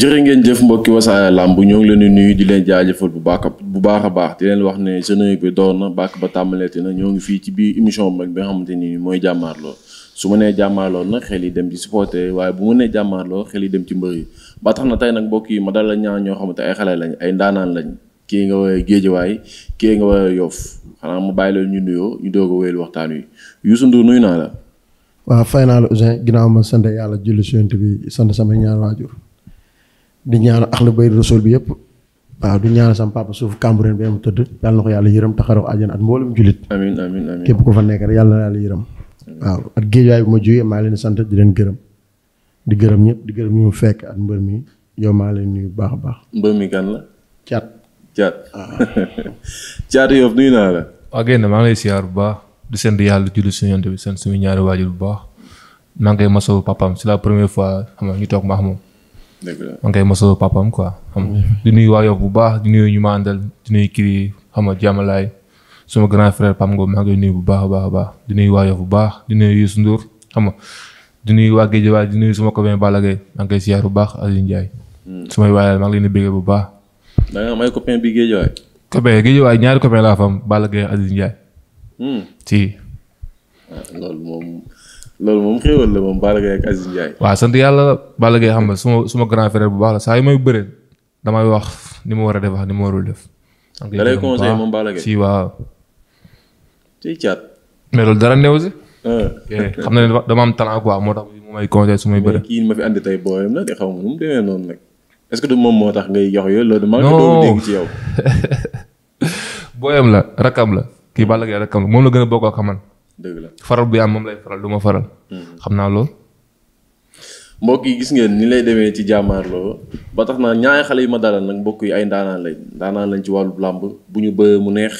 jërë ngeen jëf mbokki wasaare làmb ñoo ngi leen di nuyu di leen jaajëfal bu baax bu baax a baax di leen wax ne générique bi door na bàkk ba tàmbaleeti na ñoo ngi fii ci biir émission bi nga xamante ni mooy jàmmaarloo su ma nee jàmmaarloo nag xel yi dem ci supporter waaye bu ma nee jàmmaarloo xel yi dem ci mbër yi ba tax na tey nag mbokk yi ma dal la ñaan ñoo xamante ay xale lañ ay ndaanaan lañ kii nga woowee géejawaay kii nga woowee yof xanaa ma bàyyi leen ñu nuyoo ñu doog waxtaan wi Youssou Ndour naa la. waaw fay naa la Ouzin ma sant yàlla julli sant bi sant sama ñaar waajur di ak axlu bay rasul bi yëpp waaw du ñaanal sama papa suuf Cambérène bi am tëdd yàlla na ko yàlla yërëm taxaroo àjjana at mboolum jullit. amiin amiin képp ku fa nekk rek yàlla na yàlla yërëm. waaw at géejaay bu ma jógee maa leen sant di leen gërëm di gërëm ñëpp di gërëm ñu mu fekk at mbër mi yow maa leen bu baax a baax. mbër mi kan la. Thiat. Thiat Thiat Yoff nuyu naa la. waa génn maa ngi lay siyaar bu baax di sant yàlla julli suñu yonent bi sant suñu ñaari waajur bu baax maa ngi koy masawu papaam la première fois xam nga ñu toog ma ak dëgg la man kay mosoo papaam quoi. Oh, xam di nuyu waa yow bu baax di nuyu ñu ma àndal di nuyu kii xam nga jàmmalaay suma grand frère Pam Ngom maa ngi nuyu bu baax baax a baax di nuyu waa yow bu baax di nuyu Youssou Ndour xam nga di nuyu waa Géej waa di nuyu suma copain Balla Gaye maa ngi koy siyaar bu baax Aliou Ndiaye. su may waayal maa ngi leen di bëggee bu baax. da nga am ay copain bi Géej waay. copain Géej ñaari copain laa fa am Balla Gaye Aliou Ndiaye. si. Ah, loolu moom xéewal la moom Balla ak Aziz Ndiaye. waaw sant yàlla la Balla Gaye xam nga suma suma grand bu baax la saa yu may bëreel damay wax ni mu war a def wax ni ma warul def. donc da lay si waaw. dara néew si. Ah. Eh, xam na ne dama am talent moo tax mu may conseillé su may ma fi tey booyam la mu demee noonu nag est-ce que du moom moo tax ngay jox yooyu loolu. maa ngi doon dégg ci yow. booyam la rakam la kii Balla Gaye la moom la gën a bokk ak man. dëgg la faral bu am moom lay faral du ma faral. Hmm. xam naa lool. mbokk gis ngeen ni lay demee ci jàmmaarloo ba tax naa ñaari xale yi ma dalal nag mbokk yi ay ndaanaan lañ ndaanaan lañ ci wàllu làmb bu ñu ba mu neex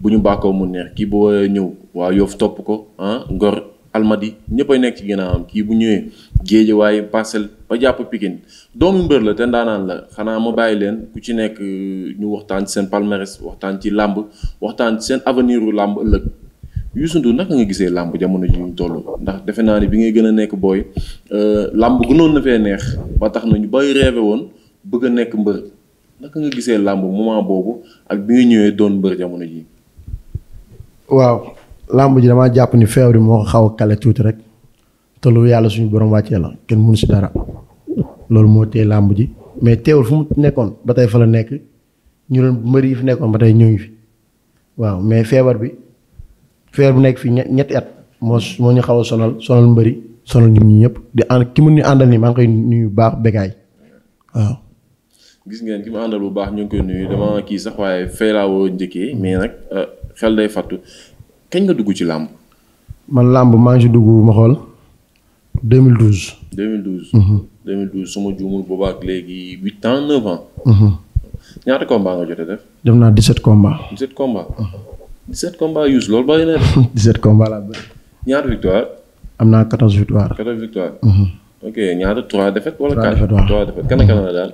bu ñu bàkkoo mu neex kii bu waree ñëw waa yoofu topp ko ah Ngor Almadi ñëpp nekk ci ginnaawam kii bu ñëwee géej waaye parcelle ba jàpp Pikine doomu mbër la te ndaanaan la xanaa ma bàyyi leen ku ci nekk ñu waxtaan ci seen palmarès waxtaan ci làmb waxtaan ci seen avenir u làmb Youssou Ndour naka nga gisee làmb jamono ji ñu toll ndax defe naa ni bi ngay gën a nekk booy euh, làmb gënoon na fee neex ba tax na ñu bay rêvé woon bëgg a nekk mbër naka nga gisee làmb moment boobu ak bi nga ñëwee doon mbër jamono ji waaw làmb ji damaa jàpp ni feebar bi moo ko xaw a kale tuuti rek te yàlla suñu borom wàccee la kenn mënu si dara loolu moo téye làmb ji mais teewul fu mu nekkoon ba tey fa la nekk ñu doon mbër yi fi nekkoon ba tey ñoo ngi bi. feer bu nekk fii ñetti at moo moo ñu xaw a sonal sonal mbëri sonal ñun ñi ñëpp di ànd ki mu ñu àndal nii maa ngi koy nuyu baax bégaay waaw. gis ngeen ki mu bu baax ñu ngi koy nuyu dama kii sax waaye fay laa woo njëkkee mais nag euh, xel day fàttu kañ nga dugg ci làmb. man làmb maa ngi si dugg ma xool 2012. 2012. 2012 su ma juumul boobaa ak léegi huit ans neuf ans. Mhm. ñaata combats nga jotee def. def naa 17 combats. Mhm. 17 combats use loolu bëri na. 17 combats laa bëri. ñaata victoire. am naa 14 victoire. 14 victoire. Mhm. ok ñaata 3 défaites wala 4 3 défaites kan ak kan la daal.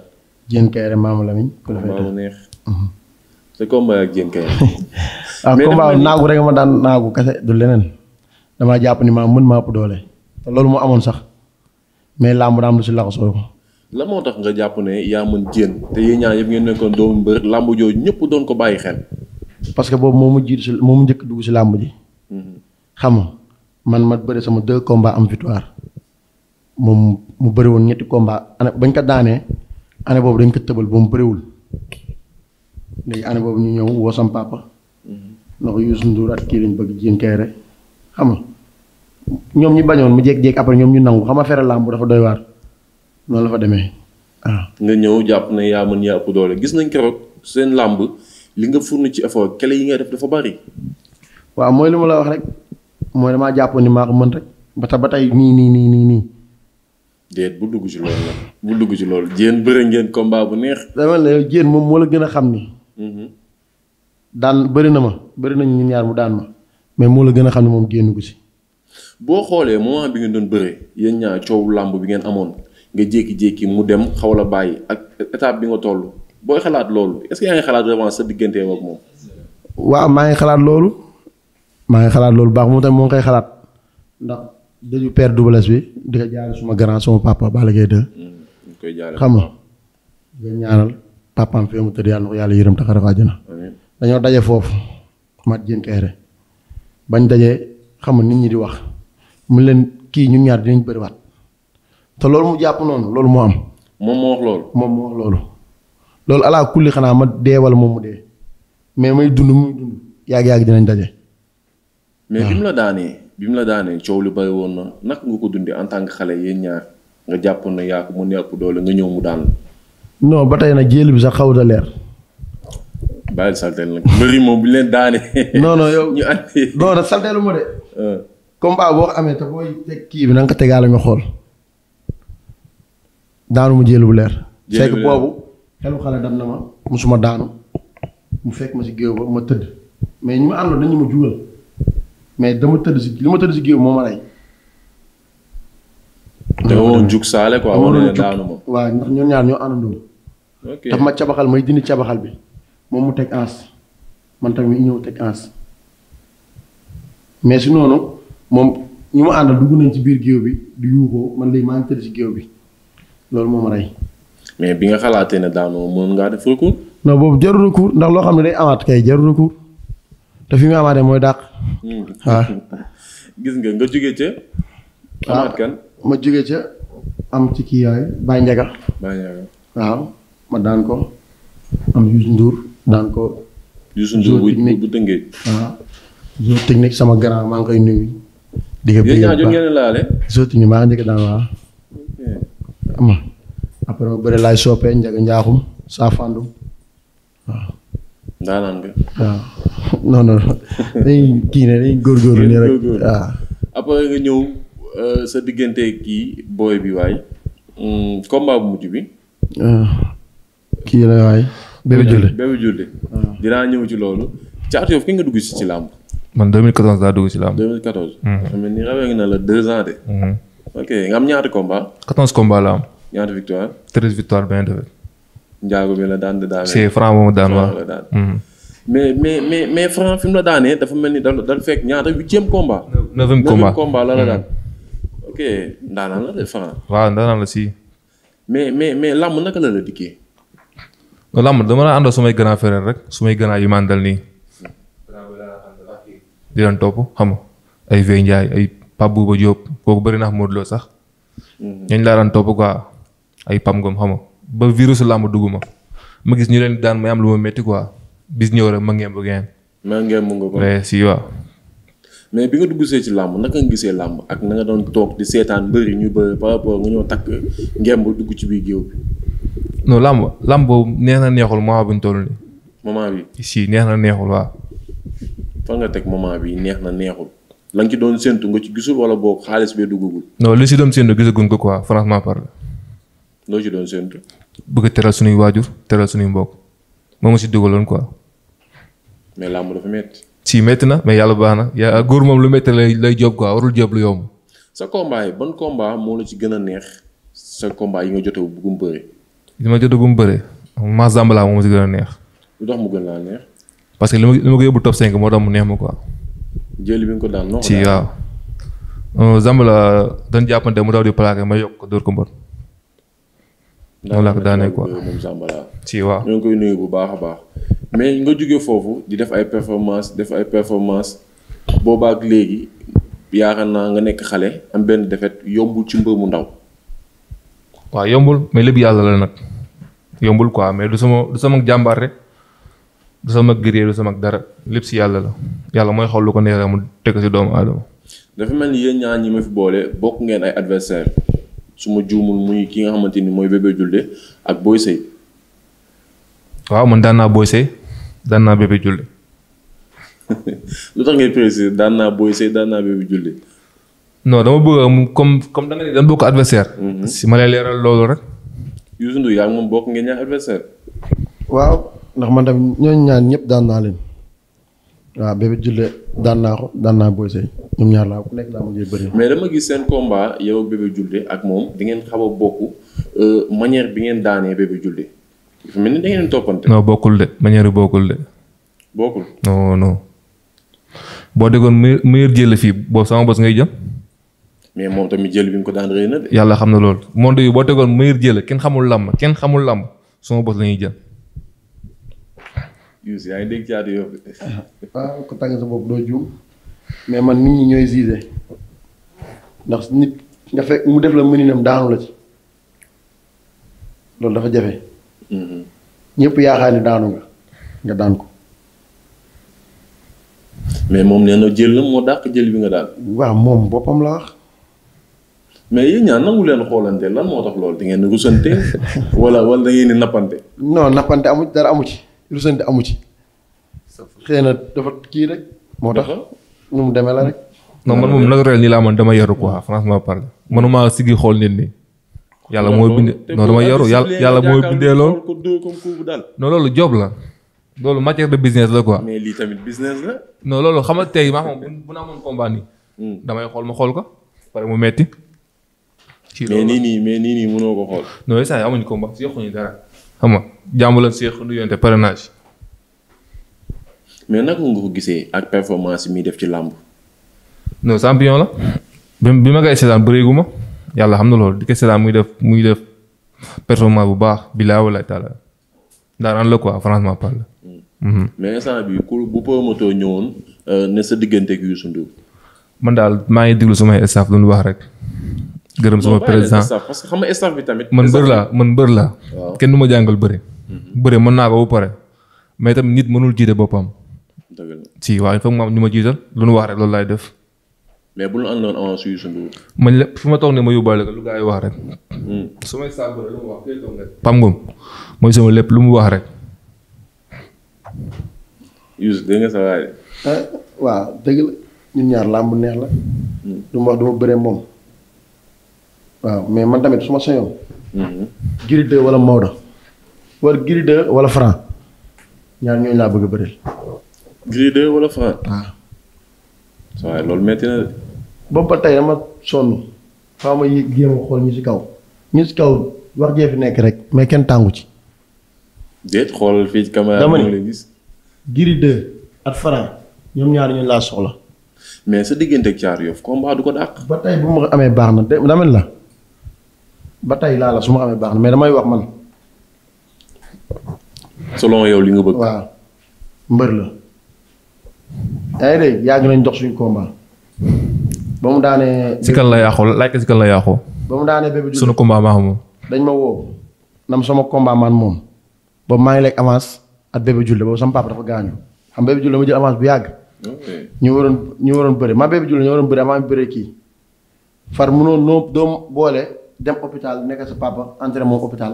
Diène mhm. Kairé Maama Lamine. ku la fay def neex. Mhm. sa combat ak Diène Kairé. ah combat naagu rek ma daan naagu kese du leneen. damaa jàpp ni maa mën maa ëpp doole. te loolu moo amoon sax. mais làmb daa am lu si laxasoo. la moo tax nga jàpp ne yaa mën Diène te yéen ñaar yëpp ngeen nekkoon doomu mbër làmb jooju ñëpp doon ko bàyyi xel. parce que boobu moo mu jiitu si moo mu njëkk dugg si làmb ji. Mhm. xam nga man ma bëri sama deux combats am victoire moom mu bëri woon ñetti combat année bañ ko daanee ane boobu dañ ko tëbal ba mu bëriwul léegi année boobu ñu ñëw woo sama papa. ndax mhm. Youssou Ndour ak kii lañ bëgg Dieng Kéré xam nga ñoom ñu bañoon mu jekk jékki après ñoom ñu nangu xam nga fere làmb dafa doy waar noonu la fa demee ah. nga ñëw jàpp ne yaa mën yaa ëpp doole gis nañ keroog seen làmb. li nga fourni ci effort kele yi nga def dafa bari. waaw mooy li ma la wax rek mooy damaa jàppoon ni maa ko mën rek ba tax ba tey nii nii nii nii nii. déet bu dugg ci loolu la bu dugg ci lool jéen bëri ngeen combat bu neex. dama ne yow moom moo la gën a xam ni. Mm-hmm. daan bëri na ma bëri nañ ñu ñaar mu daan ma mais moo la gën a xam ne moom génn ko ci. boo xoolee moment bi ngeen doon bëree yéen ñaa coow làmb bi ngeen amoon nga jékki-jékki mu dem xaw la bàyyi ak étape bi nga toll booy xalaat loolu est-ce que yaa ngi xalaat revanche sa diggante ak waaw maa ngi xalaat loolu. maa ngi xalaat loolu baax moom tamit moo ngi koy xalaat. dëju père Double Less bi suma grand sama papa Balla mm, xam nga. di ñaanal papaam yàlla na ko yàlla yërëm dañoo daje foofu. Mate Dieng Kéré. daje xam nga nit ñi di wax. mu leen kii ñun ñaar dinañ bëriwaat. te loolu mu jàpp loolu moo am. moom moo wax loolu. moom moo wax loolu. loolu alaa kulli xanaa ma dee wala moom mu dee mais may dund muy dund yàgg yàgg dinañ daje. mais bi mu la daanee bi mu la daanee coow li bari woon na ko dundee en tant que xale yéen ñaar nga na yaa ko mën ñëw mu daan. ba tey nag jéel bi sax xaw leer. bàyyil salteel nag leen daane. non yow ñu andi. non ma de. Euh. combat boo amee te booy teg kii bi na nga ko xool daanu mu bu leer. fekk boobu. xelu xale dem na ma mosuma daanu mu fekk ma ci géew ba ma tëdd mais ñu ma àndoon dañu ma jugal mais dama tëdd si li ma tëdd si géew moo ma jug saale quoi waroon na ñaar ñoo àndandoo. cabaxal may dindi cabaxal bi moom mu teg ans man tamit ñëw teg ans mais si noonu moom ñu ma àndal dugg nañ ci biir géew bi di yuuxoo man léegi maa ngi tëdd si géew bi loolu moo ma rey. mais bi nga xalaatee ne daanoo moom ngaa def ko non boobu jarul recours ndax loo xam ne day amaat kay jarul recours te fi mu amaatee mooy dàq. Hmm. waaw. gis ah, ma am ci kii daan ko am Youssou Ndour daan ko. Youssou Ndour bu bu tëngee. waaw ah, jour technique sama grand maa ngi koy nuyu. di nga bëgg a baax yéen ñaa jot ngeen maa ngi njëkk daan waaw. après ma bëri laay soppee njaga njaaxum saa fàndum waaw. daanaan nga. rek nga ñëw euh, sa diggante kii booy bi waay. Hmm, combat bu mujj bi. Ah. kii la waay. Bébé Diouldé Bébé Diouldé. Ah. dinaa ñëw ci loolu. Caatu Yoff ki nga dugg si ci làmb. man 2014 laa dugg si làmb. 2014. Mhm. xam nga ni rawee nga ne la deux ans de. Mhm. ok nga am ñaata combat. 14 combat la am. ñaata victoire. treize victoire benn défaite. njaago bi la daan de daanee. c'est franc moom daan waaw mais mais mais mais franc fi mu la daanee dafa mel ni dafa dafa fekk ñaata huitième combat. neuvième combat neuvième combat la la mhm. daan. ok ndaanaan la de franc. waaw ndaanaan la si. mais mais mais làmb naka la la dikkee. làmb dama la ànd sumay grand frère rek sumay grand yu ma àndal nii. di leen topp xam nga ay Vey Ndiaye ay Pape Bouba Diop kooku bëri na Modou Lo sax. Mhm. ñooñu laa daan topp quoi. ay pam ngoom xaw ma ba virus làmb dugg ma ma gis ñu leen daan may am lu ma métti quoi bis ñëw rek ma ngeen bëgg ngeen. ma ngeen mu nga ko. Eh, si waaw. mais bi nga dugg see ci làmb naka nga gisee làmb ak na nga doon toog di seetaan mbëri ñu bëri par rapport nga ñëw takk ngemb dugg ci biir géew bi. non làmb làmb boobu neex na neexul moment bu ñu toll nii. moment bi si neex na neexul waaw. fan nga teg moment bi neex na neexul. la nga ci doon séntu nga ci gisul wala boog xaalis bee duggagul. non li si doon séntu gisaguñ ko quoi franchement parle loo ci doon séntu. bëgg a teral suñuy waajur teral suñuy mbokk moom ma si dugaloon quoi. mais làmb dafa métti. si metti na mais yàlla baax na yaa góor moom lu métti lay lay job quoi warul job lu yomb. sa combat ban combat moo la ci gën a neex sa combat yi nga jotee bu mu bëree. li ma jot bu mu bëree ma Zambala moom ma si gën a neex. lu tax mu gën laa neex. parce li ma li ma ko yóbbu top 5 moo tax mu neex ma quoi. jëli bi nga ko daan noo ci waaw. Euh, Zambala dañ jàppante ma yokk ko dóor ko noonu laa ko daanee ko moom Zambala. si waaw ñoo ngi koy nuyu bu baax a baax. mais nga jóge foofu di def ay performance def ay performance boobaak léegi yaakaar naa nga nekk xale am benn defet yombul ci mbër mu ndaw. waa yombul mais lépp yàlla la nag yombul quoi mais du sama du sama jàmbaar rek du sama guerrier du sama dara lépp si yàlla la yàlla mooy xool lu ko neexee mu teg si doomu aadama. dafa mel ni yéen ñaar ñi ma fi boole bokk ngeen ay adversaire su ma juumul muy ki nga xamante ni mooy Bébé Diouldé ak Boy Sey. waaw man daan naa Boy Sey daan naa Bébé Diouldé. lu tax ngay préciser daan naa Boy Sey daan naa Bébé Diouldé. non dama bëgg comme comme da nga ne bokk adversaire. Mhm. si ma lay leeral loolu rek. Youssou Ndour yaa ngi moom bokk ngeen ñaar adversaire. waaw ndax ma tamit ñooñu ñaan ñëpp daan naa leen. waaw bébé Julle daan naa ko daan naa Boy Seye ñoom ñaar laa ku nekk laa mujjee bëri. mais dama gis seen combat yow bébé Julle ak moom di ngeen xaw a bokk euh, manière bi ngeen daanee bébé Julle ngeen toppante. bokkul de manière bi bokkul de. boo déggoon mu meilleur jël fii boobu sama bos ngay jëm. mais moom tamit jël bi mu ko daan rëy na de. yàlla xam na loolu monde yi boo déggoon meilleur jël kenn xamul làmb kenn xamul làmb sama bos la ñuy jël. Youssou yaa ngi dégg caatu Yoff bi. waaw ah, ku tàggat sa bopp doo juum mais man nit ñi ñooy gisé ndax nit nga fekk mu def la mëninam daanu la ci loolu dafa jafe. Mm-hmm. ñëpp yaakaar ni daanu nga nga daan ko. mais moom nee jël la moo dàq jël bi nga daan. waaw moom boppam la wax. mais yéen ñaan nangu leen xoolante lan moo tax loolu di ngeen di rusante wala wala da ngeen di nappante. non nappante amu dara amu ci. rusante amu ci. xëy na dafa kii rek. moo tax nu mu demee la rek. non man moom naturel nii laa man dama yaru quoi franchement parle manuma sigi xool nit nii. yàlla mooy bindee non dama yaru yàlla yàlla mooy bindee lool. non loolu job la. loolu matière de business la quoi. mais lii tamit business la. non loolu xam nga tey maa bu naa amoon combat hmm. damay xool ma xool ko pare mu metti ci mais nii nii mais nii nii mënoo ko xool. non yooyu sax amuñu combat yokkuñu dara. xam nga jàmm leen seex nuyonte parrainage. mais naka nga ko gisee ak performance mi def ci làmb. non champion la. bi ma koy seetaan bëreegu ma yàlla xam na loolu di ko seetaan muy def muy def performance bu baax bilaa wala taala daaraan la quoi franchement parle. Hmm. Mhm. mais instant bu promoteur ñëwoon euh, ne sa diggante ak Youssou Ndour. man daal maa ngi déglu samay staff lu ñu wax rek. gërëm sama président parce que xam nga bi tamit. man bër laa man bër laa. kenn du ma jàngal bëre. Mhm. bëre mën naa ko ba pare. mais tamit nit mënul jiite boppam. si waaye foog ma am ñu ma jiital lu nu loolu laay def. mais bu ñu àndoon avant ma toog ne ma yóbbaale ko lu gaa yi wax rek. Hmm. su mu wax rek. mooy sama lépp lu mu wax rek. Youssou dégg nga sa waay. Ah, waaw dëgg la ñun ñaar làmb neex la. Hmm. du ma moom. waaw mais man tamit su ma sañoon. Mm-hmm. Gris 2 wala Maodo. wala Gris 2 wala Franc. ñaar ñooñu laa bëgg a bëril. Gris 2 waaw. Ah. loolu metti na de. ba tey dama sonn. faaw ma jéem a xool ñu si kaw. ñu si kaw wax jee fi nekk rek. mais kenn tàngu ci. déet xoolal fii ci caméra bi gis. Gris 2 ak ñoom ñaar ñooñu laa soxla. mais sa diggante ak Thiar Yoff combat du ko dàq. ba tey bu ma ko amee baax na de dama la. ba tey laa la su ma amee baax na mais damay wax man. selon yow li nga bëgg. mbër la. yaa yàgg nañ dox suñu combat. ba mu daanee. si kan la yàqu laaj la yàqu. ba mu daanee bébé dañ ma woo. nam sama combat man maa ngi lekk avance ak bébé Julle boobu sama dafa gaañu xam bébé Julle bu yàgg. ñu waroon ñu waroon bëri ma bébé Julle ñu waroon bëri avant doom boole. dem hôpital nekk sa papa entraînement hôpital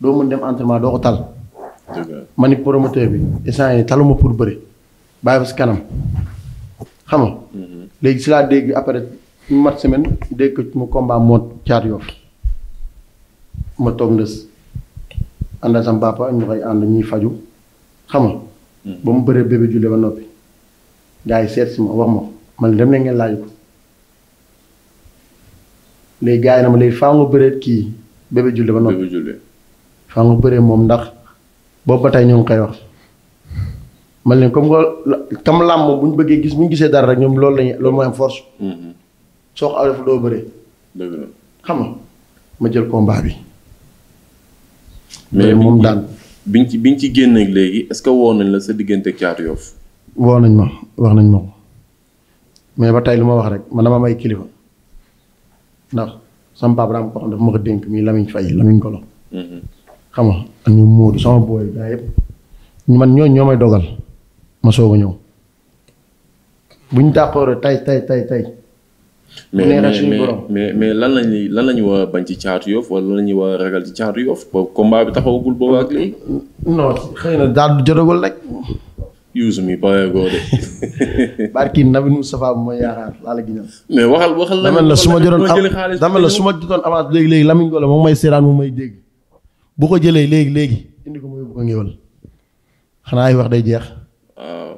doo mën dem entraînement doo ko tal. ma ni promoteur bi instant yii taluma pour bëri bàyyi ba si kanam xam nga. Mhm. léegi si laa dégg après mu mat semaine dégg ko mu combat moo caat yoof ma toog ndës àndal sama papa ñu koy ànd ñuy faju xam nga. Mhm. ba mu bëree bébé julli ba noppi gaa yi seet si ma wax ma ko man dem na ngeen laaj ko. léegi gaa yi na ma léegi faa nga bëreet kii Bébé Diouldé ba noppi. Bébé Diouldé faa nga bëree moom ndax boobu ba tay ñu ngi koy wax. man leen comme que tam làmb bu ñu bëggee gis bu ñu gisee dara rek ñoom loolu lañu loolu mooy am force. Mm-hmm. soo ko awee fa doo bëree. xam nga ma jël combat bi. mais moom daan bi ci bi ñu génn ak est ce que woo nañ la sa diggante ak caatu yoof nañ ma wax nañ ma mais ba tey lu ma wax rek man dama may kilifa. ndax sama papa daa am koo xam dafa ma ko dénk muy Lamine Faye Lamine Golo. Mm-hmm. xam nga ak ñu Moodu sama booy gaa yëpp man ñooñu ñoo may dogal ma soog a ñëw bu ñu tàqooree tay tay tay tay. mais mais mais lan la ñuy lan la ñu war bañ ci caatu yoof wala lan la ñuy war a ragal ci caatu yoof boobu combat bi taxawagul boobu ak léegi. non xëy na daal du jotagul rek. yuusu mi pare góor de. barki laa la gis. mais waxal waxal la. dama la su ma jotoon la su ma jotoon avance léegi léegi Lamine Golo moom may seeraan moom may dégg bu ko jëlee léegi léegi indi ko mu yóbbu ko ngéwal xanaa ay wax day jeex. waaw.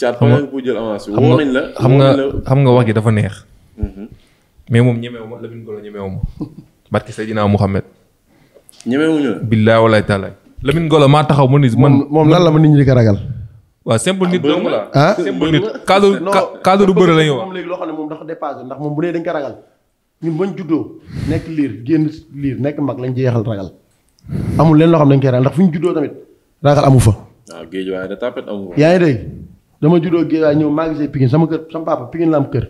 caat bu xam nga xam nga wax gi dafa neex. Mhm. mais moom ñemewu ma Lamine Golo ñemewu ma. barki Seydina Mouhamed. ñemewuñu la. billaahi walaay taalaay. Lamine Ngolo maa taxaw ma ni. man moom lan la ma nit ñi di ko ragal. waa simple nit dong la ah simple nit cadre cadre du bëri la ñu wax. moom léegi loo xam ne moom dafa dépassé ndax moom bu dee dañ ko ragal ñun bañ juddoo nekk liir génn liir nekk mag lañ jeexal ragal amul leen loo xam dañ koy ragal ndax fu ñu juddoo tamit ragal amu fa. waaw ah, géej waaye da yaa ngi dégg dama juddoo géej waaye ñëw maa ngi sama kër sama papa Pikine la am kër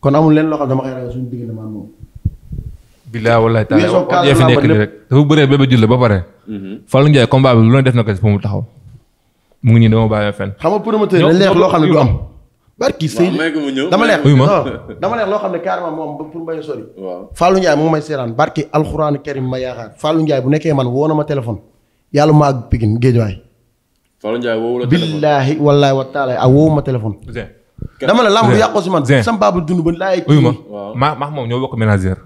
kon amul leen loo xam dama koy ragal suñu diggante bilaa walaay taal yee fi nekk nii ba pare. Mhm. Fallou lu ne def na taxaw. mu ngi nii dama bàyyi fenn. xam nga promoteur la leex loo xam ne du am. barki sëy dama leex loo xam ne carrément moom pour mbay sori. waaw Fallou Ndiaye mu ngi may seeraan barki ma yaakaar Fallou Ndiaye bu nekkee ma téléphone. yàlla maa billaahi wallaahi wa taala ak woowu ma téléphone. dama la lamb yàqoo si man. zin sama baabu dund ba laay. uyuma maa maa moom ñoo bokk ménagère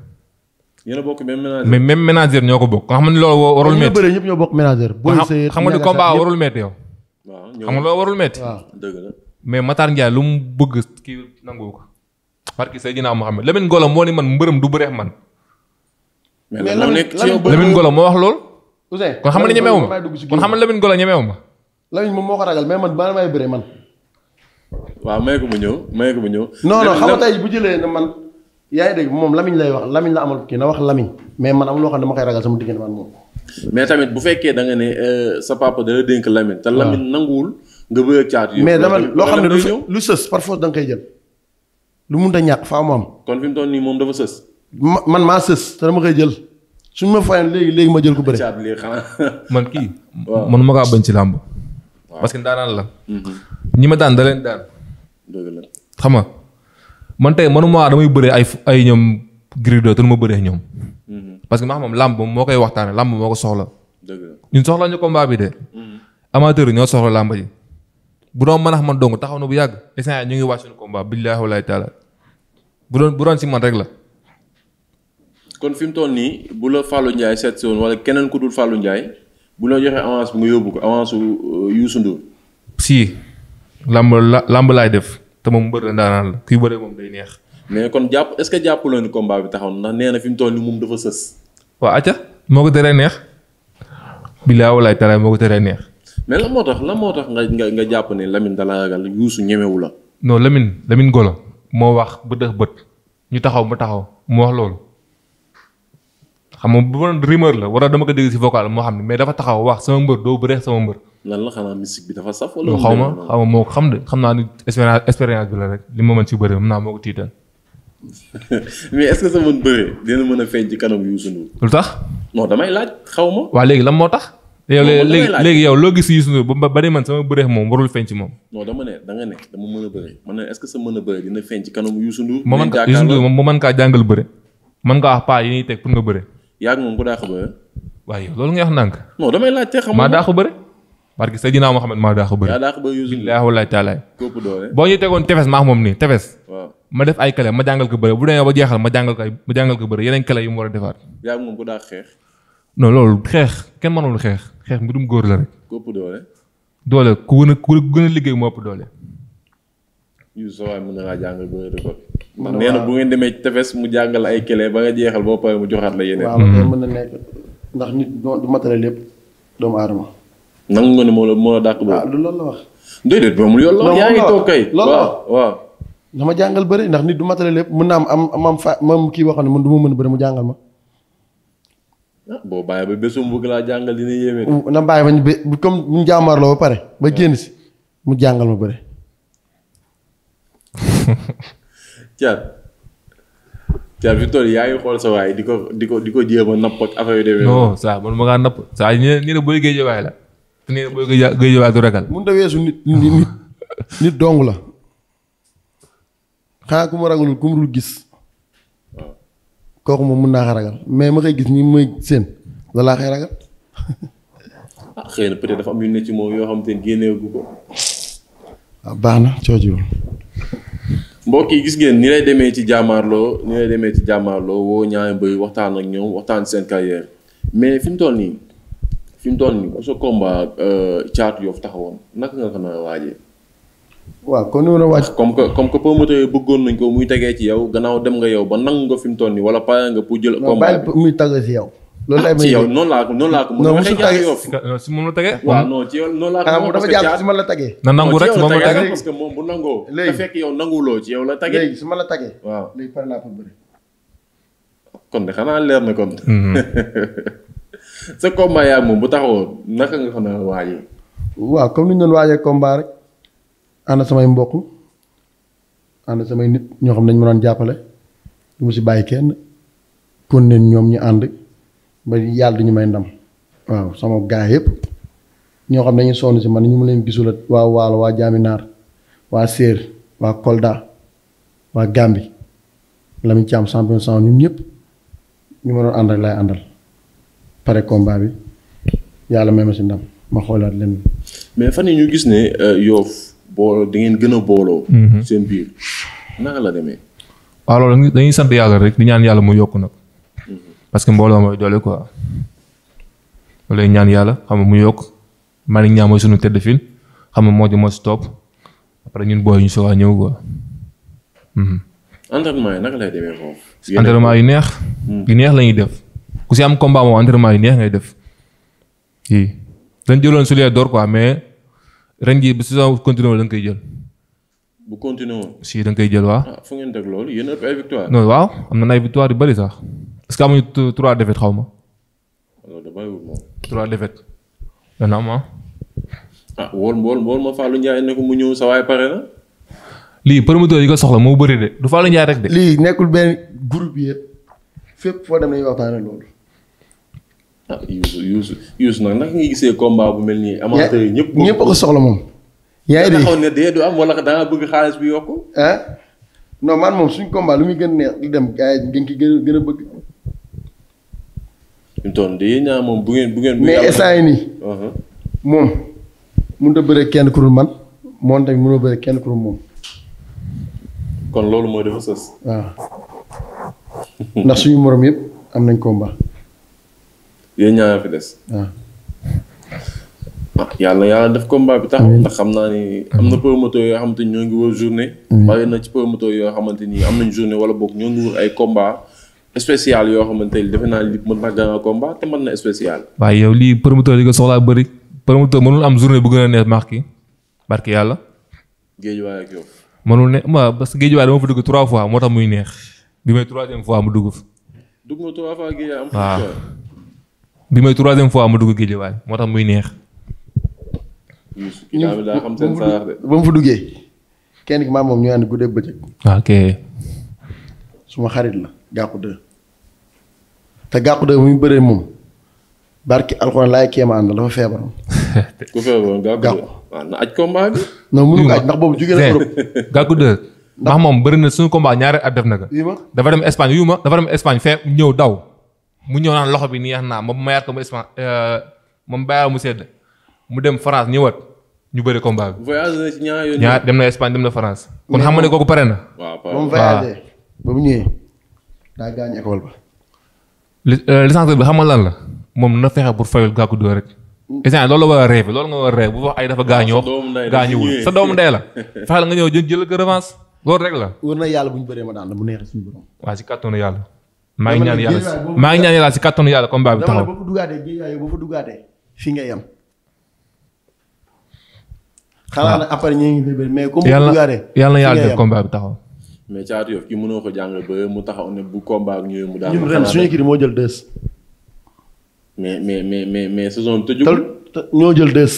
yéen a bokk même manager mais même manager ñoo ko bokk. nga xam ne loolu warul métti bëree ñëpp ñoo bokk manager. xam nga xam nga loolu warul métti. mais Matar Ndiaye lu mu bëgg kii nangu ko. barki Seydina Mohamed Lamine Golo moo ni man mbërëm du bëreex man. mais lan nekk Golo moo wax loolu. kon xam nga ne ñemewu kon xam nga Golo ñemewu ma. moom moo ko ragal mais man man may bëree man. waaw may ko mu ñëw may ko mu ñëw. non non xam nga tey bu jëlee na man yaa ngi dégg moom lamiñ lay wax lamiñ la amal kii na wax lamiñ mais man am loo xam ne dama koy ragal sama diggante man moom. mais tamit bu fekkee da ne euh, sa papa da la dénk lamiñ. te lamiñ nanguwul nga bëgg mais dama loo xam ne lu sës par force da koy jël. lu mënut a ñàkk faa mu kon fi mu nii moom dafa sës. ma man maa sës te dama koy jël suñ ma fayoon léegi léegi ma jël ko bëri. caat léegi xanaa. man kii. waaw man ma kaa bañ ci làmb. parce que daanaan la. Mhm. ñi ma daan da leen daan. dëgg la man tey manuma damay bëree ay ay ñoom Gris 2 te nu ma bëree ñoom. Mhm. parce que maa moom làmb moo koy waxtaanee làmb moo ko soxla. ñu soxla ñu combat bi de. Mhm. amateur yi ñoo soxla làmb ji. bu doon mën a man dong taxaw na bu yàgg instant ñu ngi wàcc suñu combat billaahi wallaahi taala bu doon bu doon si man rek la. kon fi mu toll nii bu la Fallou Ndiaye seet si woon wala keneen ku dul Fallou Ndiaye bu la joxee avance bi nga yóbbu ko avance euh, Youssou Ndour. si làmb la làmb laay def. te moom mbër la ndaanaan la kuy bëree moom day neex. mais kon jàpp est jàpp que jàppuloo ni combat bi taxaw ndax nee na fi mu toll nii moom dafa sës. waaw acca moo ko teree neex. bilaa walaay moo ko teree neex. mais la moo tax lan moo tax nga nga jàpp ne Lamine dala ragal Youssou ñemewu la. non Lamine Lamine Golo moo wax ba dëx bët ñu taxaw mu taxaw mu wax loolu xam nga bu ma rumeur la war dama ko dégg si vocal moo xam ne mais dafa taxaw wax sama mbër doo bëree sama mbër. lan la xanaa mystique bi dafa saf. wala xaw ma moo xam de xam naa ni expérience bi la rek li ma mën ci bëre mën naa moo ko tiital. mais est mën a feeñ ci kanam Youssou Ndour. lu damay laaj xaw ma. waa léegi lan moo tax. yow léegi léegi yow loo gis Youssou Ndour ba man sama bëree moom warul feeñ ci moom. non dama ne da nga ne dama mën a bëree man ne est ce que sa mën a bëree dina feeñ ci kanam Youssou Ndour. ma mën kaa Youssou Ndour ma mën kaa jàngal bëre mën ngaa wax paa yi ñuy teg pour nga bëre. yaa ngi moom ku daax a bëre. waaye loolu nga wax nànk. non damay laaj parce que Seydina Mohamed maa daax a yaa daax a bëri Youssou billaahi taalaay. boo ñu tegoon tefes maa moom nii tefes. waaw ma def ay kale ma jàngal ko bëri bu ba jeexal ma ma jàngal ko bëri yeneen kale yu mu a defaat. yaa moom xeex. non loolu xeex kenn mënul xeex xeex mbirum góor la rek. képp doole. doole a ku gën a liggéey moo doole. Youssou waaye mën na laa jàngal ba nga bu jàngal ay kale ba nga jeexal boo paree mu joxaat la yeneen. waaw mhm. mën na nekk ndax nit du matale lépp doomu aadama nangu nga ne moo la moo la dàq boobu. Ah, loolu la wax. déedéet moom yoon la. yaa ngi toog kay waaw waaw. dama jàngal bëri ndax nit du matale lépp mën naa am am fa maam kii waxoon ne man du ma mën a bëri mu jàngal ma. ah boo bàyyi ba bésum bëgg laa jàngal dina yéeme. na bàyyi ba ñu ba comme ñu jàmmarloo ba pare ba génn si mu jàngal ma bëri. Thiat Thiat fi toll yaa ngi xool sa waay di ko di ko di ko jéem a napp ak affaire demee. non ça man ma ngaa napp saa ñu ne nii booy géej waay la. nee na booy Géejawaay du ragal. mënut a weesu nit nit nit la xanaa ku ragalul ku mu gis kooku moom mën naa ko ragal mais ma koy gis nii may seen la laa koy ragal. ah xëy na peut-être dafa am yu ne ci moom yoo xam te ne génneegu ko. Ah, baax na cooju. mbokk yi gis ngeen ni lay demee ci jàmmaarloo ni lay demee ci jàmmaarloo woo ñaari mbëy waxtaan ak ñoom waxtaan seen carrière mais fi mu toll nii. fi mu toll nii ba sa combat caatu euh, Yoff taxawoon naka nga ko mën a waajee. waaw kon ni ma la waaj. comme que comme que promoteur bëggoon nañ ko muy tegee ci yow gannaaw dem yow ba nangu nga fi mu toll nii wala pare nga pour jël. combat yow. loolu ah, laa ko noonu laa ko. non mosu tagee si moom la tagee. waaw non ci yow noonu laa ko ah, moom dafa jàpp si ma la tagee. na nangu rek moom la tagee parce que moom bu nangoo. léegi te la tagee. léegi ma la tagee. ko kon de xanaa leer na kon. Mhm. sa combat yaa moom bu taxawoon naka nga xam ne waajee. waaw comme ni ñu doon waajee combat rek ànd samay mbokk ànd samay nit ñoo xam ne dañ ma doon jàppale du ma si bàyyi kenn kon neen ñoom ñu ànd ba yàlla dañu ñu may ndam. waaw sama gaay yépp ñoo xam ne dañuy sonn si man ñu mu leen gisula waa Waalo waa Jaaminaar waa Séer waa Kolda waa Gambi Lamine Thiam champion ñun ñëpp ñu ma doon àndal lay àndal. pare combat bi yàlla may ma si ndam ma xoolaat leen. mais fan yi ñu gis ne euh, yow booloo di ngeen gën a booloo. Mhm. seen biir naka la demee. waaw loolu dañuy sant yàlla rek di ñaan yàlla mu yokk nag. Mhm. parce que mbooloo mooy doole quoi. loolu lay ñaan yàlla xam nga mu yokk Malick Niang mooy sunu tëdd fil xam nga moo di moo si topp après ñun booy ñu soog a ñëw quoi. Mhm. entraînement yi naka lay neex. yu neex lañuy def. ku si am combat moom entraînement yi neex ngay def yii dañ jëloon su lee door quoi mais ren jii bu saison continué woon da koy jël. bu continué si da nga koy jël waaw. ah fu ngeen teg loolu yéen ay victoire. am na ay victoire yu bëri sax est-ce que amuñu trois défaites xaw ma. loolu damay wut moom. trois défaites. dana am ah. ah wóol wóol ma Fallou Ndiaye ne mu ñëw sa waay pare na. lii promoteur yi ko soxla moo bëri de du Fallou Ndiaye rek de. lii nekkul benn groupe yëpp fépp foo dem nañu waxtaanee loolu. ah Youssou Youssou Youssou nag gisee combat bu mel nii. amateur yi ñëpp ñëpp a ko soxla moom. yaa ngi du am wala da nga bëgg xaalis bi yokku. ah non man moom suñ combat lu muy gën neex di dem gars ko gën a gën a bëgg. ñu toll nii ñaa moom bu ngeen bu ngeen. mais instant yii nii. Uh-huh. moom mënut a bëre kenn ku dul man moom tamit mënoo bëre kenn ku dul kon loolu mooy dafa sës. waaw ah. ndax suñu moroom yëpp am nañ combat. yéen ñaa fi des. ah yàlla yàlla def combat bi taxaw ndax xam naa ni am na promoteur yoo xamante ni ñoo ngi wër journée. bari na ci promoteur yoo xamante ni am nañ journée wala boog ñoo ngi wër ay combat spécial yoo xamante ni defe naa li mën na gànnaaw combat te mën na spécial. waaye yow lii promoteur yi ko soxlaa bëri promoteur mënul am journée bu gën a neex marque yi barki yàlla. géejuwaay ak yow. mënul ne waaw parce que géejuwaay dama fa dugg trois fois moo tax muy neex bi may troisième fois mu dugg fa. dugg nga trois fois géejuwaay am. bi may troisième fois ma dugg géejewaay moo tax muy neex. ba mu fa duggee. kenn ki maa moom ñu ànd guddee bëccëg. xarit la gàqu te gàqu dë bu ñu bëree moom. barki alxuraan laay kéemaan dafa feebaroon. ku dë ah, waaw boobu jugee na eh, dë ndax moom bëri na suñu combat ñaari at def na a dafa dem Espagne yu ma dafa dem Espagne fee ñëw daw. mu ñëw naan loxo bi neex naa moom mayaat ko mu Espagne euh, moom bàyyiwaat mu sedd mu dem France ñëwaat ñu bëri combat bi. voyage dem na Espagne na France. kon xam nga ne kooku pare na. waaw pare moom voyagé ba mu ñëwee daa gaañ école ba. Euh, licence bi xam nga lan la moom na fexe bu fayul gàkku doo rek. échange mm. loolu la war a rêve loolu nga war a rêve bu wax ay dafa gaañoo gaañuwul sa doomu ndey la fexeel nga ñëw jël jël ko revanche loolu rek la. na yàlla bu bëree ma daan bu neexee suñu waa si kàttanu yàlla. maa ngi ñaan yàlla si maa ngi ñaan yàlla si kàttanu yàlla combat bi taxaw. dama ne boo fa duggaatee géejaay boo fa duggaatee fii nga yem. xanaa ah. nag après ñu ngi mais comme bu duggaatee yàlla na yàlla def combat bi taxaw. mais Caatu Yoff ki mënoo ko jàng ba mu taxaw ne bu combat ak ñëwee mu daan. ñun ren suñu kii moo jël des. mais mais mais mais mais saison bi tëjugul. ñoo jël des.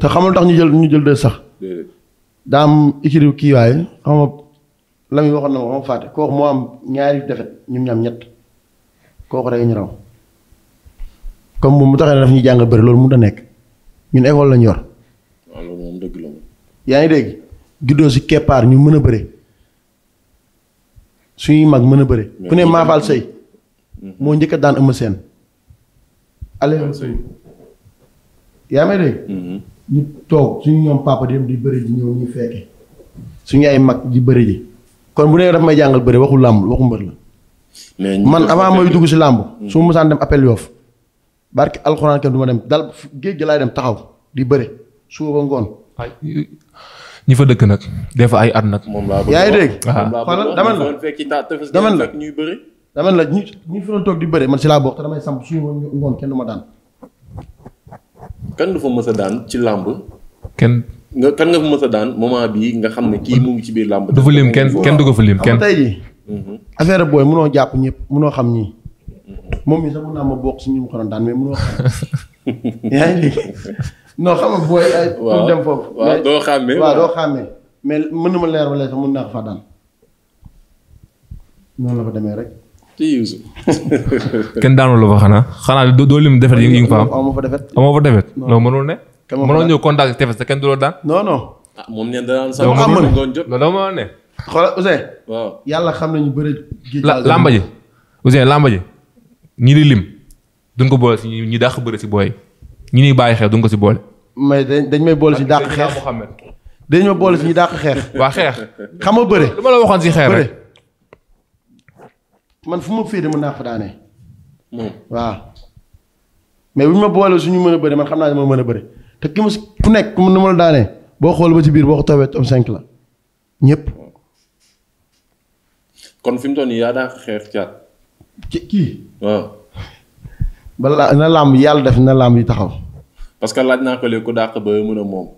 te xamul tax ñu jël ñu jël des sax. daa am ikiri kii waaye Lamine wax na ma ba ma kooku moo am ñaari defet ñun ñam ñett kooku rek ñu raw comme moom mu taxe ne daf ñuy jàng bëri loolu mun a nekk ñun école lañ yor. Ah, la moom. yaa ngi dégg juddoo si keppaar ñu mën a bëre suñuy mag mën a bëre. ku ne Mafal Seye. moo njëkk a daan ëmm seen. Alioune Seye. yaa may dégg. Mm-hmm. ñu toog suñu ñoom papa dem di bëri di ñëw ñu fekke suñu ay mag di bëri ji. kon bu nee dafa may jàngal bëri waxul làmb waxu mbër la. mais man avant may dugg ci làmb. Hmm. su ma mosaan dem appel yoof barki alxuraan kenn du ma laay dem taxaw di bëre suba ngoon. ay fa dëkk nag des fois ay moom laa bëgg la dama la dama la ñu ñu di bëre man si laa bokk samp suba ngoon kenn du ma daan. kenn du fa mës daan ci làmb. kenn nga kan nga fa mës a daan moment bii nga xam ne kii mu ngi ci biir làmb. du fa lim kenn kenn du ko fa lim mhm. affaire booy mënoo jàpp ñëpp mënoo xam ñii. moom mi si ñu mu ko doon daan xam. yaa ngi mais mën na ma leer wala mën naa ko fa daan. la fa rek. ci Youssou. la fa xanaa xanaa doo lim defet yi nga fa am. amoo fa defet amoo fa defet. non mënul ne. te ma mënoo ñëw contact ak tefes te kenn du la daan. non non. ah moom nee na sax mu doon jot loolu ma ne. xoolal Ousseyn. yàlla xam nañu bëri. géej làmba ji Ousseyn làmba ji ñi di lim duñ ko boole si ñi dàq bëri si booy ñi ñuy bàyyi xeex duñ ko si boole. mais dañ may boole si dàq xeex dañ ma boole si ñi dàq xeex. waa xeex. xam nga bëre. lu ma si xeex man fu ma fii dama naa fa daanee. waaw mais bu ñu ma boole suñu mën a bëri man xam naa ne mën a bëri te ki mu ku nekk ku mu la daanee boo xool ba ci biir boo ko tawee tome cinq la ñëpp. kon fi mu toll nii yaa daa xeex caat. ci kii. ba la na làmb yàlla def na làmb yi taxaw. parce que laaj naa ko léegi ku dàq ba mu ne moom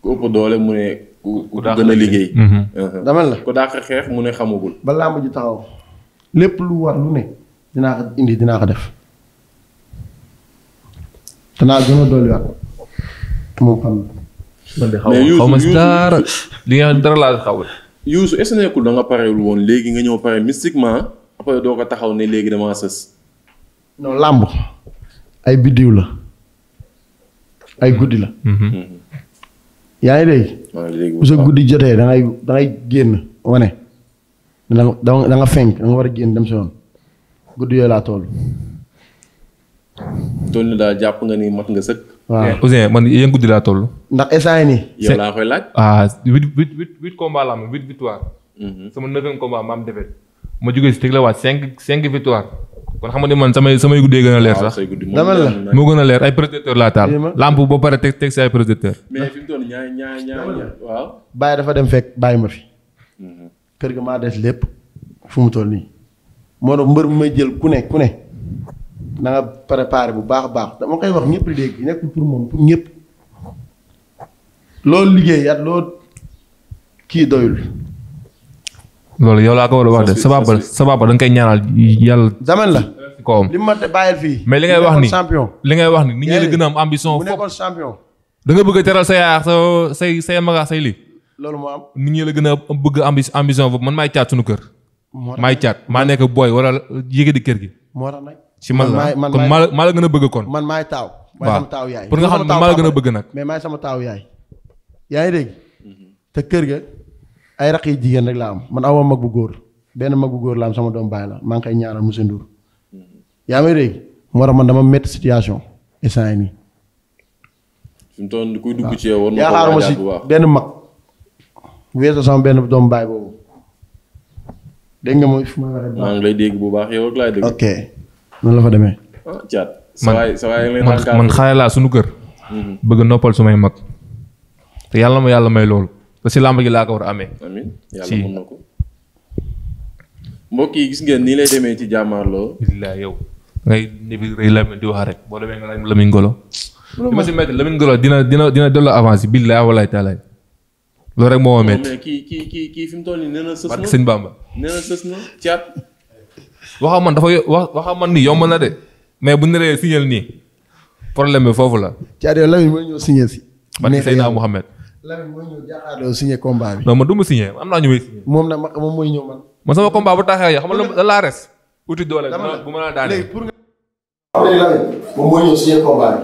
ku ëpp doole mu ne ku ku gën a liggéey. Mhm. Uh-huh. dama dàq xeex mu ne xamagul. ba làmb ji taxaw lépp lu war lu ne dinaa ko indi dinaa ko def danaa gën a dolliwaat. moom xam man de xaw ma si dara li nga xam dara laa xaw Youssou est-ce nekkul da nga parewul woon léegi nga ñëw pare mystiquement après doo ko taxaw ne léegi damaa sës. non làmb ay biddiw la ay guddi la. Mhm. yaa ngi dégg. bu sa guddi jotee da ngay da ngay génn wane da nga da nga fenk da nga war a génn dem si yoon guddi yooyu laa toll. toll daa jàpp nga ni mat nga sëkk. waaw eh, Ouzin man yéen guddi laa toll. ndax instant nii. yow laa koy laaj. ah huit huit huit huit combats la am huit victoire. Mhm. sama neuvième combat ma am défaite. ma jógee si teg la waat cinq cinq victoire. kon xam nga ne man samay samay guddee gën a leer sax. dama la moo gën a leer ay projecteur laa taal. lamp ba pare teg teg si ay mais fi mu toll ñaar ñaar ñaar dafa dem fekk bàyyi ma fi. Mhm. kër ga maa des lépp fu mu toll nii. moo tax mbër mu may jël ku ne ku ne. na nga bu baax a baax dama wax ñëpp di nekkul pour moom pour ñëpp loolu liggéey at loolu kii doyul. loolu yow laa ko war a wax de sababa sababa da nga koy ñaanal yàlla. zaman la li ma bàyyil fii. mais li ngay wax ni li ngay wax ni nit gën a am ambition. bu nga bëgg a sa yaay sa say say loolu moo am nit ñi la gën a bëgg ambi ambition boobu man maay caat suñu kër. moo tax caat maa nekk booy wala yéegi di kër gi. si man la man kon maa la gën a bëgg kon. man maay taaw. maay sama taaw yaay pour nga xam ne maa la gën a bëgg nag. mais sama taaw yaay. yaa ngi dégg. kër ga ay raq jigéen rek laa am ma mag bu góor benn mag bu sama doom baay la maa ngi koy ñaanal monsieur Ndour. yaa ngi dégg moo man dama métti situation instant yii nii. ma si benn mag. weesoo sama benn doom ma maa ngi lay dégg bu baax yow rek laay dégg. noonu la fa demee. man man xale laa suñu kër. Mhm. bëgg noppal su may mag. te yàlla ma yàlla may loolu. te si làmb gi laa ko war amee. amiin yàlla mën mbokk yi gis ngeen nii lay demee ci jàmmaarloo. bilaay yow ngay nibi rëy Lamine di wax rek boo demee nga naan Lamine ma si dina dina dina delloo avance bilaay walaay taalaay. loolu rek moo ma kii kii kii nii nee sës na caat. waxaw man dafa wax waxaw man ni yomb na de mais bu ñu nee signal nii problème bi foofu la. Thiadio Lamine mooy ñëw signé si. man du ma signé am naa ñu may signé. moom nag mooy ñëw man. man sama moom mooy ñëw signé combat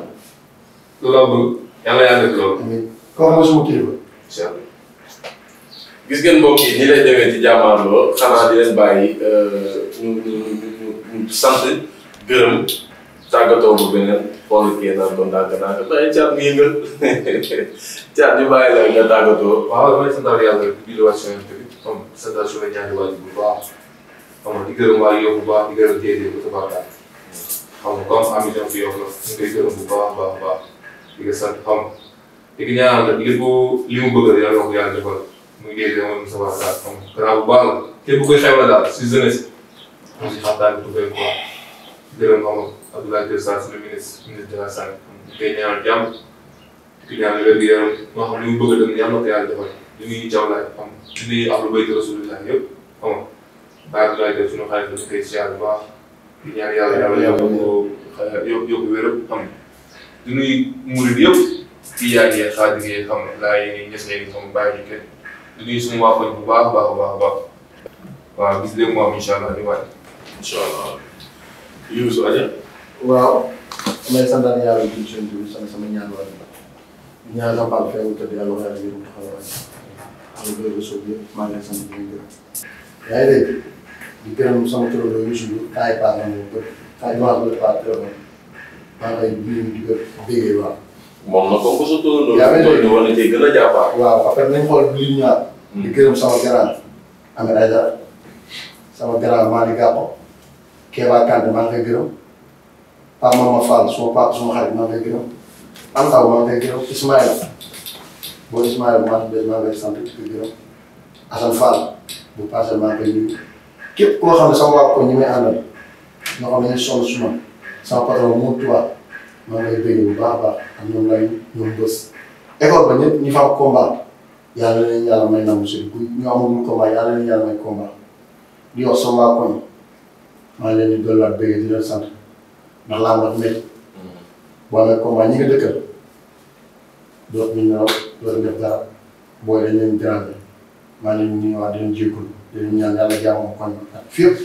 gis ngeen mbokk yi nii lay demee ci jàmmaarloo xanaa di bàyyi. Euh, ñu ñu ñu ñu sant gërëm tàggatoo bu beneen xool kii naan ko ndànk ndànk bàyyi caat mu yëngal caat ñu bàyyi la nga tàggatoo. waaw damay santal yàlla di la wàcc seen bi xam santal su ma ñaari waaj bu baax xam nga di gërëm waa yow bu baax di gërëm déedéet bu tabax xam nga comme am itam fi yow la ñu koy gërëm bu baax baax baax di nga sant xam nga di nga ñaanal nag li ko li mu bëgg yàlla wax yàlla defal muy déedéet moom sa baax daal xam nga a baax la képp koy xew la daal si jeunesse ñu ngi xam daal di tukkee quoi gërëm xam nga Abdoulaye Diouf Sarr suñu ministre ministre de la santé di koy ñaanal jàmm di ko ñaanal wér gu yaram moo xam li mu bëgg a dem yàlla na ko yàlla defal li muy jaww laay xam li muy ahlu bayti rasulillah yëpp xam nga bàyyi Abdoulaye Diouf suñu xarit dañu koy siyaar bu baax di ñaan yàlla yàlla yàlla ko yóbbu yóbbu wéram xam nga di nuyu murid yëpp ci yaay yee xaadir yee xam nga laa yéene ñes yéene xam bàyyi ñu kenn di nuyu suñu waa koñ bu baax baax baax baax waaw bis léegi mu am incha allah ñu waaj incha allah. Youssou Adja. waaw. damay santaan yàlla di leen di sant sama ñaan wala ñaan sama papa feewu tëdd yàlla wax yàlla yëngu taxawal ak ñoom ñooy soob yëpp maa ngi leen sant di leen gërëm. yaa ngi dégg di gërëm sama turandoo Youssou Ndour taay paa nga moom bët taay noor bët paa très bon maa ngi lay nuyu di ko déggee waaw. moom nag comme que sa turandoo. yaa ngi lay nuyu war na cee gën a jàppaat. waaw après nañ xool li ñu ñaar. Hmm. di gërëm sama grand Amady Adja sama grand Malick Gapo. Kéba Kande maa ngi koy gërëm Pape Mama Fall suma papa suma xarit maa ngi koy gërëm Anta maa ngi koy gërëm Ismaïla boo Ismaïla maa ngi koy sant di ko gërëm Assane Fall bu passé maa ngi koy nuyu képp koo xam ne sama waa ko ñi may àndal ñoo xam ne sonn suma sama patron mu tuwaat maa ngi lay bëgg bu baax a baax ak ñoom lay ñoom bës école ba ñëpp ñi fa am combat yàlla na leen yàlla may nangu si ñu amul combat yàlla na leen yàlla may combat di wax sama waa maa ngi leen di dolliwaat bëggee di leen sant ndax laa wax métti mm-hmm. boo amee combat ñi nga dëkkal dootuñu nelaw dootuñu def dara booy dañ leen dérangé maa ngi leen di nuyuwaat di leen jégalu di leen ñaan yàlla jaamoo kon ak fépp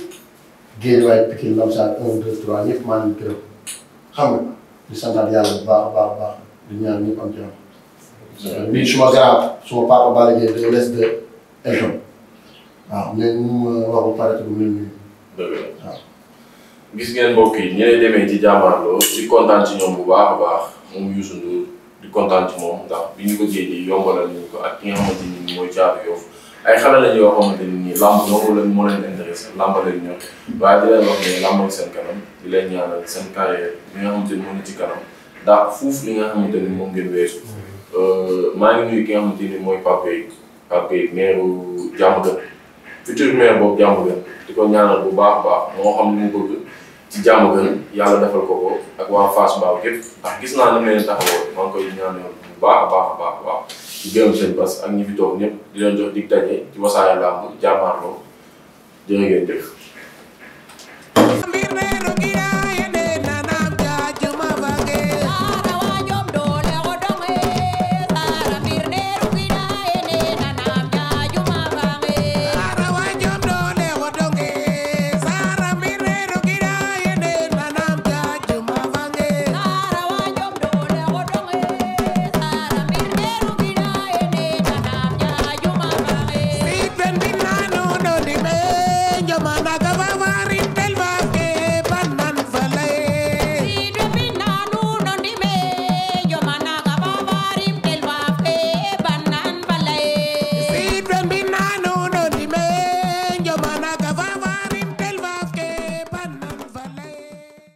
géej waaye Pikine Lamsar 1 2 3 ñëpp maa ngi leen di gërëm xam nga di santaat yàlla bu baax a baax a baax di ñaan ñëpp am jàmm. lii suma grand suma papa Balla Gaye de l'est de Elton waaw mais nu ma wax ba pare te du dëgg la waaw. gis ngeen mbokk yi ñu lay demee ci jàmmaarloo di kontaan ci ñoom bu baax a baax moom Youssou Ndour di kontaan ci moom ndax bi ñu ko génnee yombalal ñu ko ak ki nga ni mooy Thiatou Yoff ay xale lañ yoo xamante ni nii làmb dong lañ moo leen intéressé làmb lañ ñor waaye di leen wax ne làmb ak seen kanam di leen ñaanal seen carrière bi nga xamante ni moo ne ci kanam ndax fuuf li nga xamante ni moom ngeen weesu mm-hmm. euh, maa ngi nuyu ki nga ni mooy Pape Gueye Pape Gueye meeru jàmm dëkk futur maire boobu jàmm gën di ko ñaanal bu baax baax moo xam lu mu bëgg ci jàmm gën yàlla defal ko ko ak waa Fass gis naa ni mu leen taxawoo maa ngi koy ñaanal bu baax a baax a baax bas ak ñi toog ñëpp di leen jox dig daje ci Wassare Lamb jàmmaarloo